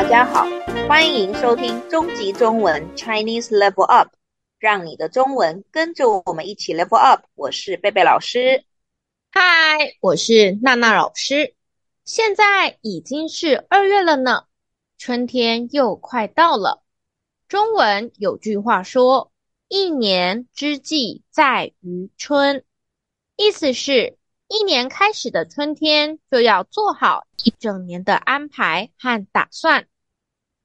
大家好，歡迎收聽終極中文 Chinese Level Up，讓你的中文跟着我們一起 Level Up。我是貝貝老師。嗨，我是娜娜老師。現在已經是二月了呢，春天又快到了。中文有句話說：“一年之計在於春”，意思是，一年開始的春天就要做好一整年的安排和打算，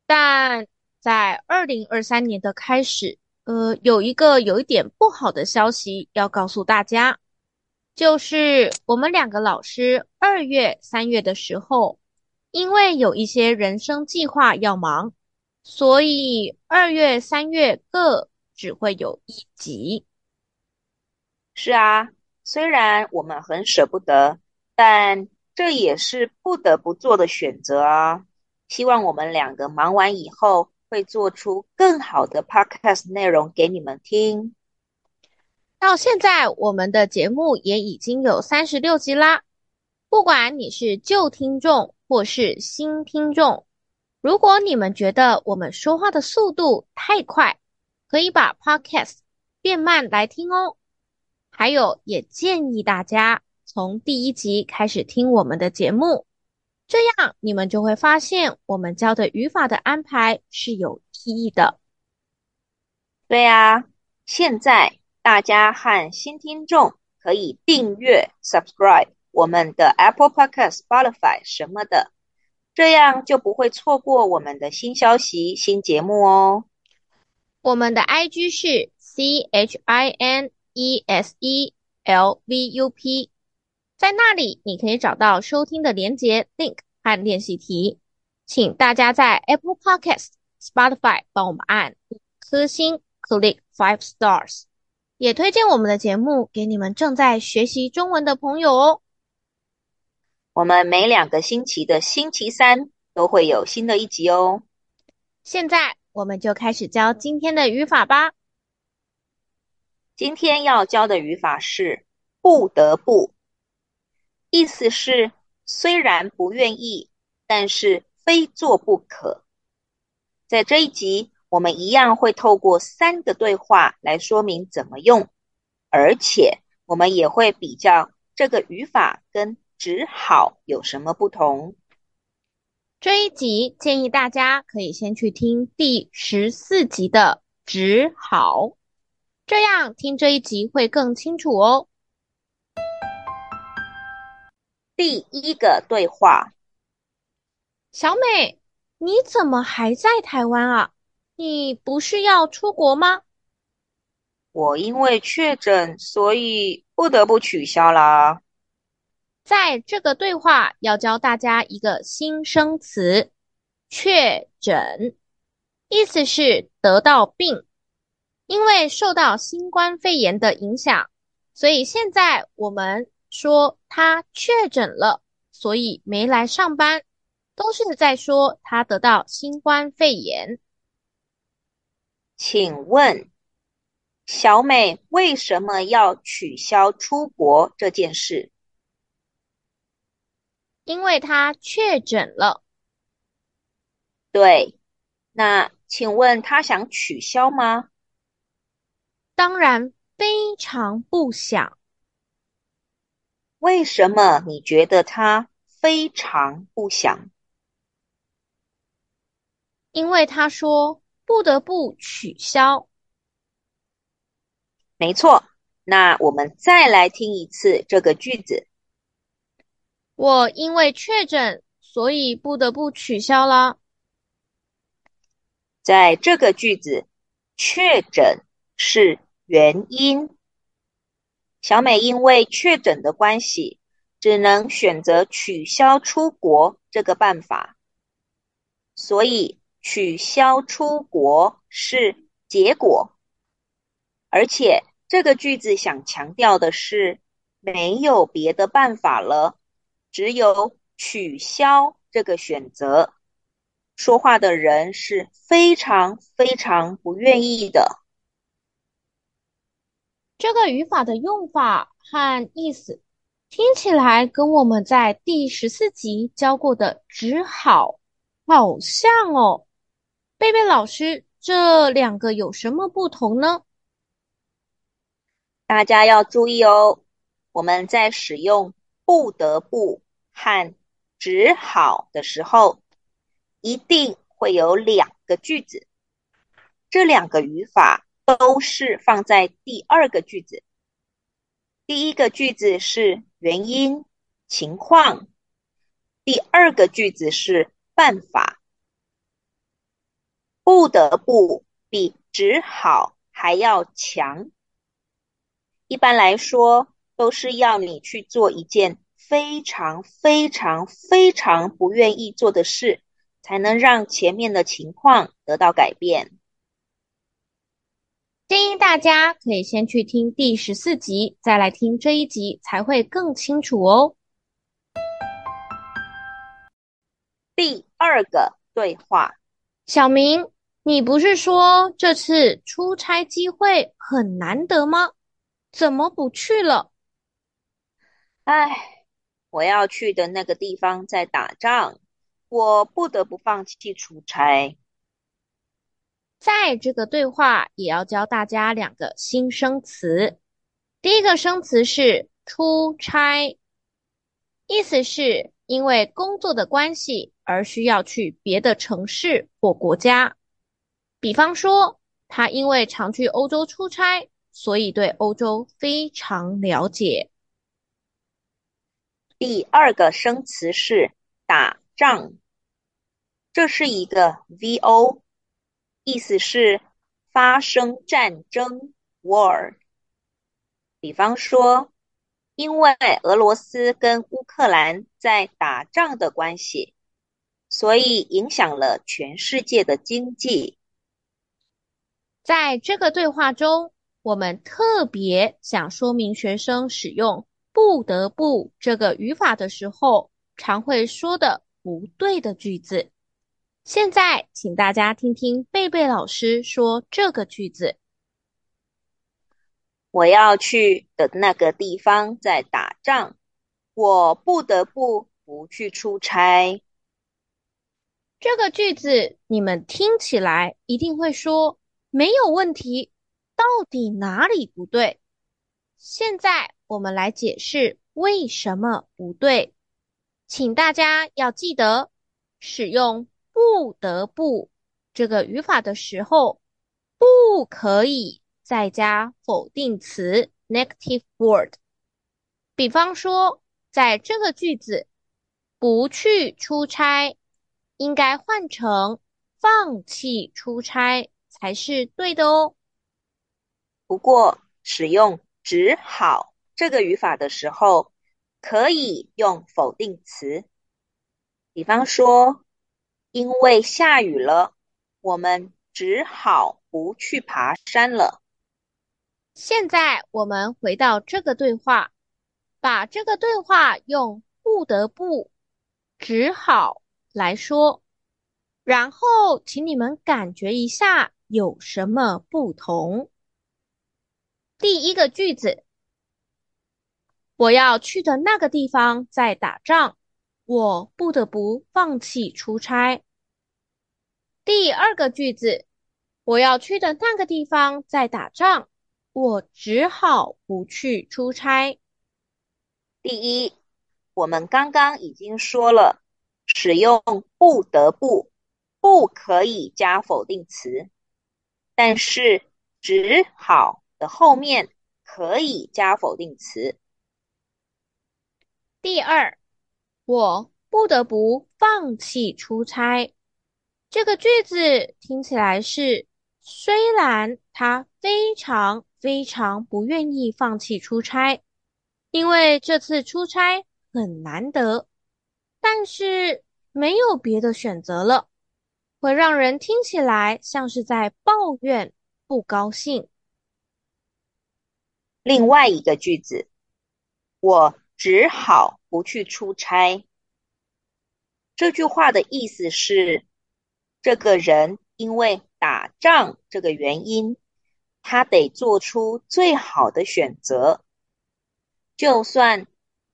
但在二零二三年的開始，呃，有一個有一點不好的消息要告訴大家，就是我們兩個老師二月、三月的時候，因為有一些人生計劃要忙，所以二月、三月各只會有一集。是啊。雖然我們很捨不得，但這也是不得不做的選擇啊！希望我們兩個忙完以後會做出更好的 podcast 內容給你們聽。到現在，我們的節目也已經有三十六集啦。不管你是舊聽眾或是新聽眾，如果你們覺得我們說話的速度太快，可以把 podcast 變慢來聽哦。還有，也建議大家從第一集開始聽我們的節目，這樣你們就會發現我們教的語法的安排是有意義的。對呀，現在大家和新聽眾可以訂閱 subscribe 我們的 Apple Podcast、Spotify 什麼的，這樣就不會錯過我們的新消息、新節目哦。我們的 IG 是 CHIN。S e s e l v u p，在那裡你可以找到收聽的連結 link 和練習題，請大家在 Apple Podcast、Spotify 幫我們按五顆星，click five stars，也推薦我們的節目給你們正在學習中文的朋友哦。我們每兩個星期的星期三都會有新的一集哦。現在我們就開始教今天的語法吧。今天要教的語法是“不得不”，意思是雖然不願意，但是非做不可。在這一集，我們一樣會透過三個對話來說明怎麼用，而且我們也會比較這個語法跟“只好”有什麼不同。這一集建議大家可以先去聽第十四集的“只好”。這樣聽這一集會更清楚哦。第一個對話：小美，你怎麼還在台灣啊？你不是要出國嗎？我因為確診，所以不得不取消了。在這個對話要教大家一個新生詞“確診”，意思是得到病。因為受到新冠肺炎的影響，所以現在我們說他確診了，所以沒來上班，都是在說他得到新冠肺炎。請問，小美為什麼要取消出國這件事？因為他確診了。對，那請問他想取消嗎？當然非常不想。為什麼你覺得他非常不想？因為他說不得不取消。沒錯，那我們再來聽一次這個句子。我因為確診，所以不得不取消了。在這個句子，確診是。原因，小美因為確診的關係，只能選擇取消出國這個辦法，所以取消出國是結果。而且這個句子想強調的是，沒有別的辦法了，只有取消這個選擇。說話的人是非常非常不願意的。這個語法的用法和意思聽起來跟我們在第十四集教過的“只好”好像哦，貝貝老師，這兩個有什麼不同呢？大家要注意哦，我們在使用“不得不”和“只好”的時候，一定會有兩個句子，這兩個語法。都是放在第二個句子，第一個句子是原因、情況，第二個句子是辦法。不得不比只好還要強。一般來說，都是要你去做一件非常非常非常不願意做的事，才能讓前面的情況得到改變。建議大家可以先去聽第十四集，再來聽這一集才會更清楚哦。第二個對話：小明，你不是說這次出差機會很難得嗎？怎麼不去了？唉，我要去的那個地方在打仗，我不得不放棄出差。在這個對話，也要教大家兩個新生詞。第一個生詞是“出差”，意思是因為工作的關係而需要去別的城市或國家。比方說，他因為常去歐洲出差，所以對歐洲非常了解。第二個生詞是“打仗”，這是一個 VO。意思是發生戰爭 （war）。比方說，因為俄羅斯跟烏克蘭在打仗的關係，所以影響了全世界的經濟。在這個對話中，我們特別想說明學生使用“不得不”這個語法的時候，常會說得不對的句子。現在，請大家聽聽貝貝老師說這個句子：“我要去的那個地方在打仗，我不得不不去出差。”這個句子你們聽起來一定會說沒有問題，到底哪裡不對？現在我們來解釋為什麼不對，請大家要記得使用不得不這個語法的時候，不可以再加否定詞 negative word。比方說，在這個句子，不去出差，應該換成放棄出差，才是對的哦。不過，使用只好這個語法的時候，可以用否定詞。比方說。因為下雨了，我們只好不去爬山了。現在我們回到這個對話，把這個對話用“不得不”、“只好”來說，然後請你們感覺一下有什麼不同。第一個句子，我要去的那個地方在打仗。我不得不放棄出差。第二個句子，我要去的那個地方在打仗，我只好不去出差。第一，我們剛剛已經說了，使用“不得不”不可以加否定詞，但是“只好”的後面可以加否定詞。第二。我不得不放棄出差。這個句子聽起來是，雖然他非常非常不願意放棄出差，因為這次出差很難得，但是沒有別的選擇了，會讓人聽起來像是在抱怨、不高興。另外一個句子，我只好。不去出差，這句話的意思是，這個人因為打仗這個原因，他得做出最好的選擇。就算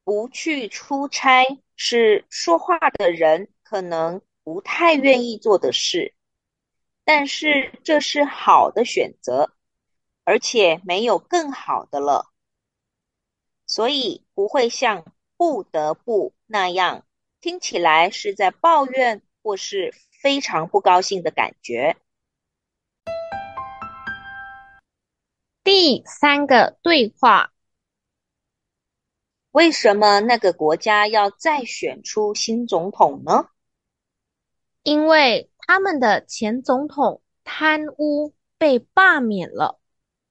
不去出差是說話的人可能不太願意做的事，但是這是好的選擇，而且沒有更好的了，所以不會像。不得不那樣，聽起來是在抱怨或是非常不高興的感覺。第三個對話。為什麼那個國家要再選出新總統呢？因為他們的前總統貪污被罷免了，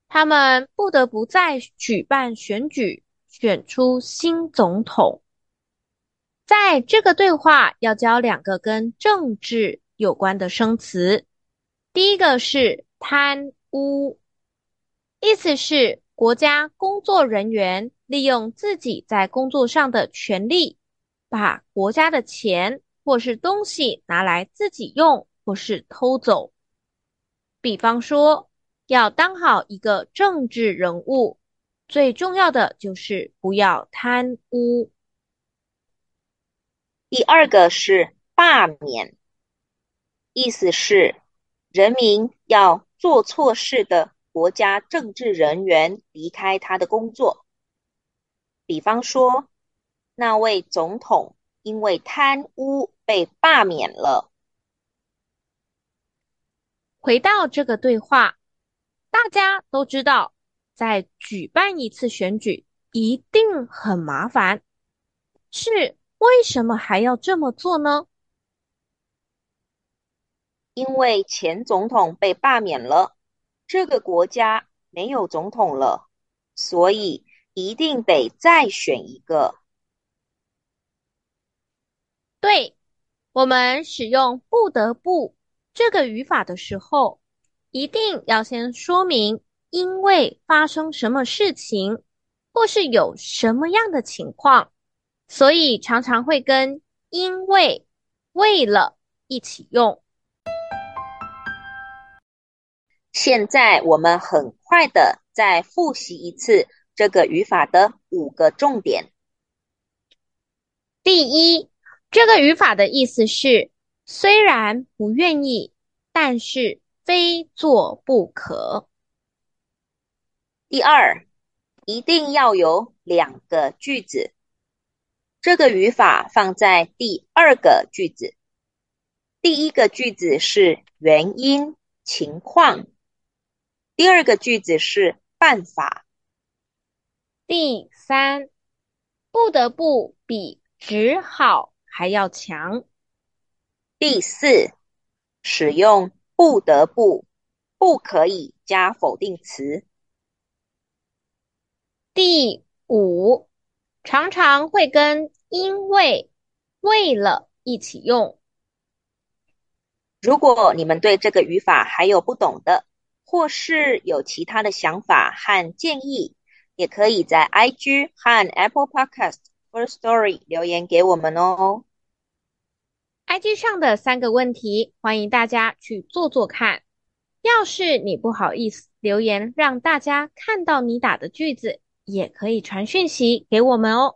他們不得不再舉辦選舉。選出新總統。在這個對話要教兩個跟政治有關的生詞，第一個是貪污，意思是國家工作人員利用自己在工作上的權利，把國家的錢或是東西拿來自己用或是偷走。比方說，要當好一個政治人物。最重要的就是不要貪污。第二個是罷免，意思是人民要做錯事的國家政治人員離開他的工作。比方說，那位總統因為貪污被罷免了。回到這個對話，大家都知道。再舉辦一次選舉，一定很麻煩。是，為什麼還要這麼做呢？因為前總統被罷免了，這個國家沒有總統了，所以一定得再選一個。對，我們使用不得不這個語法的時候，一定要先說明。因為發生什麼事情，或是有什麼樣的情況，所以常常會跟“因為”、“為了”一起用。現在我們很快的再複習一次這個語法的五個重點。第一，這個語法的意思是，雖然不願意，但是非做不可。第二，一定要有兩個句子，這個語法放在第二個句子，第一個句子是原因情況，第二個句子是辦法。第三，不得不比只好還要強。第四，使用不得不不可以加否定詞。第五，常常會跟因為、為了一起用。如果你們對這個語法還有不懂的，或是有其他的想法和建議，也可以在 IG 和 Apple Podcast Firstory 留言給我們哦。IG 上的三個問題，歡迎大家去做做看。要是你不好意思留言，讓大家看到你打的句子。也可以傳訊息給我們哦，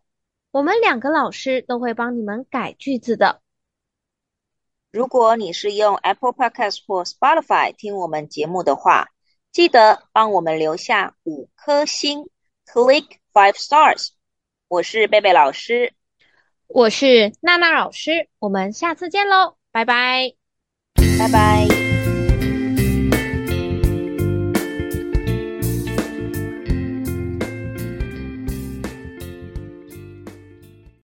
我們兩個老師都會幫你們改句子的。如果你是用 Apple Podcast 或 Spotify 聽我們節目的話，記得幫我們留下五顆星，click five stars。我是貝貝老師，我是娜娜老師，我們下次見嘍，拜拜，拜拜。